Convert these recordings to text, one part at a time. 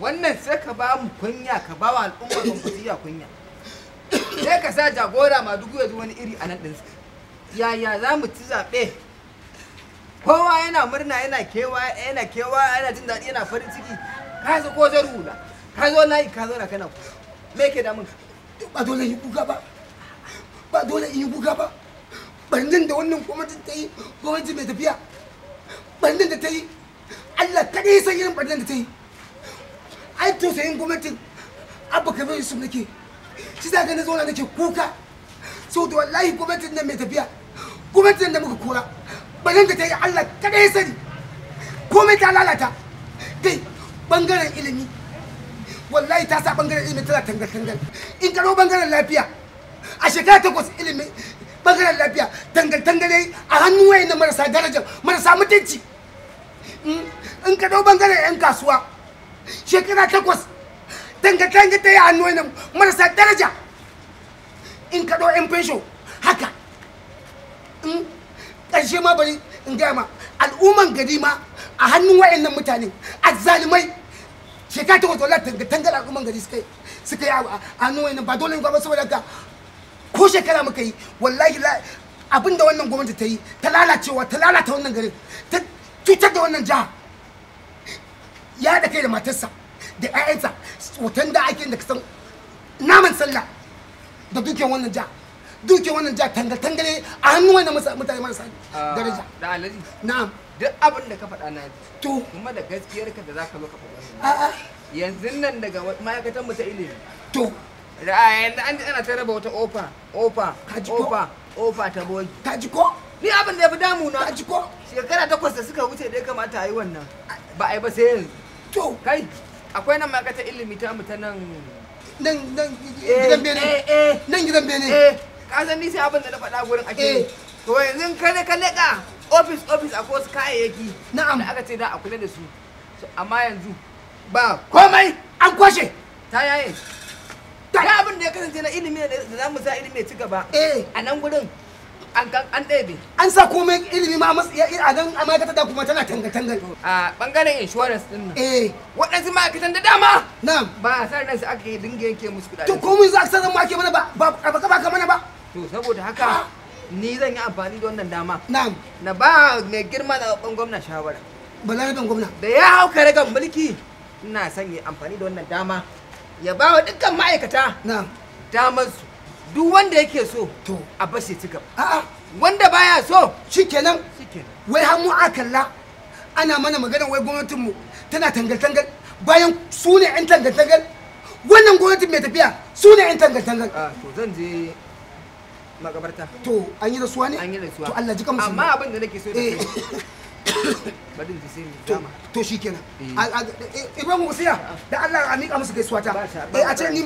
wannan sai ka ba mu kunya ka ba wa al'umma kwamfutiya kunya sai ka sa jagora ma duk yanzu wani iri a nan ɗinsa yaya za mu ci zaɓe kowa yana murna yana kewa yana kewa yana jin daɗi yana farin ciki ka zo ko zai hula ka zo layi ka zo na kana ku me ke damun ka ba dole yi kuka ba ba dole yi kuka ba bandin da wannan gwamnatin ta yi gwamnati mai tafiya bandin da ta yi Allah kadai san irin barnan da ta yi ai tausayin gwamnatin abba kabir yusuf nake shi za ka na zauna nake kuka saboda wallahi gwamnatin nan mai tafiya gwamnatin da muka kora barnan da ta yi Allah kadai sani komai ta lalata kai bangaren ilimi wallahi ta sa bangaren ilimi tana tangal-tangal in karo bangaren lafiya a shekara takwas ilimi bangaren lafiya tangal-tangal a hannu wayan marasa darajar marasa mutunci hmm? in ka dau bangaren 'yan kasuwa shekara takwas tanga-tanga ta yi a nan marasa daraja in ka dau 'yan haka in ƙarshe ma bari in gaya ma al'umman gari ma a hannun wa'annan mutane azzalumai shekara takwas wala tanga-tangar al'umman gari suka yi suka yi a hannun wa'annan ba dole ba saboda ka ko shekara muka yi wallahi abinda wannan gwamnati ta yi ta lalacewa ta lalata wannan garin ta cutar da wannan jihar. ya da kai da matarsa da ƴaƴansa hoton da ake da kasan naman sallah da dukiyar wannan ja dukiyar wannan ja tangal-tangale a hannun wannan mutane marasa daraja ah, da alaji na'am duk abin da ka faɗa na to kuma da gaskiyar ka da zaka zo ka faɗa a'a yanzu nan daga ma'aikatan mu ta ilimi to da yanzu an ji ana ta raba wata ofa ofa ofa ofa ta bogi ka ji ko ni abin da ya fi damuna ka ji ko shekara takwas da suka wuce da ya kamata a yi wannan ba a yi ba sai yanzu to kai akwai nan ma'aikatar ilimi ta mu ta nan nan nan eh, gidan bene eh, eh. nan gidan bene ka san ni sai abin da na faɗa gurin ake to yanzu kare ka leka office office akwai wasu kayayyaki na'am da aka ce da a kula da su amma yanzu ba komai an kwashe ta yaye ta abin da ya kasance na ilimi da za mu sa ilimi ya ci gaba a nan gurin an ɗebe an sa komai ilimi ma a gan ma'aikatar da kuma tana tangan-tangan a ɓangaren insurance din nan eh waɗansu ma'aikatan da dama na'am ba a san ransu aka dinga yanke musu kuɗaɗe to komai za a san ma ake mana ba ba ka baka mana ba to saboda haka ni zan yi amfani da wannan dama na'am na ba mai girma da babban gwamna shawara balarabin gwamna da ya hau kare kan mulki ina son yi amfani da wannan dama ya ba wa dukkan ma'aikata na'am damar su duk wanda yake so to a bashi ci gaba a'a wanda baya so shikenan wai har mu akalla ana mana magana wai gwamnatin mu tana tangal tangal bayan su ne yan tangal tangal wannan gwamnatin mai tafiya su ne yan tangal tangal ah, to zan je magabarta to an yi rasuwa ne an yi rasuwa to Allah ji ka musulmi amma abin da nake so da kai eh. Allah a musu gaisuwa ta aka eh, yi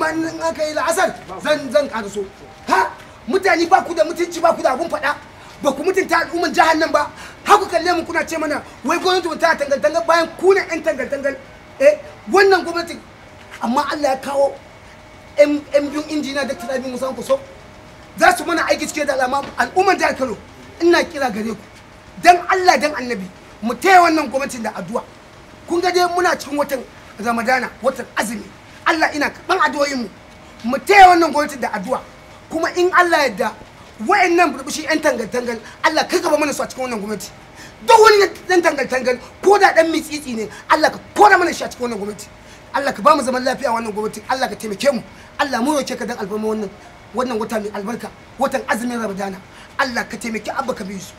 la'asar zan zan ha mutane ba ku da mutunci ba ku da abun faɗa ba ku mutunta al'umman jihar nan ba haku kalle mu kuna ce mana wai gwamnati ta tangal-tangal bayan ku 'yan tangal-tangal eh, wannan gwamnati amma Allah ya kawo yan biyun injiniya da tirabi musamman ku za su mana aiki cike da al'umman jihar Kano ina kira gare ku dan Allah dan annabi mu taya wannan gwamnatin da addu'a kun ga dai muna cikin watan ramadana watan azumi Allah ina karɓan addu'o'in mu mu taya wannan gwamnatin da addu'a kuma in Allah ya da wayannan burbushi yan tangal-tangal Allah ka gaba mana su a cikin wannan gwamnati duk wani dan tangal-tangal ko da dan mitsitsi ne Allah ka kora mana shi a cikin wannan gwamnati Allah ka ba mu zaman lafiya a wannan gwamnati Allah ka taimake mu Allah mu roke ka dan albarma wannan wannan wata mai albarka watan azumin Ramadana Allah ka taimake abba ka bi su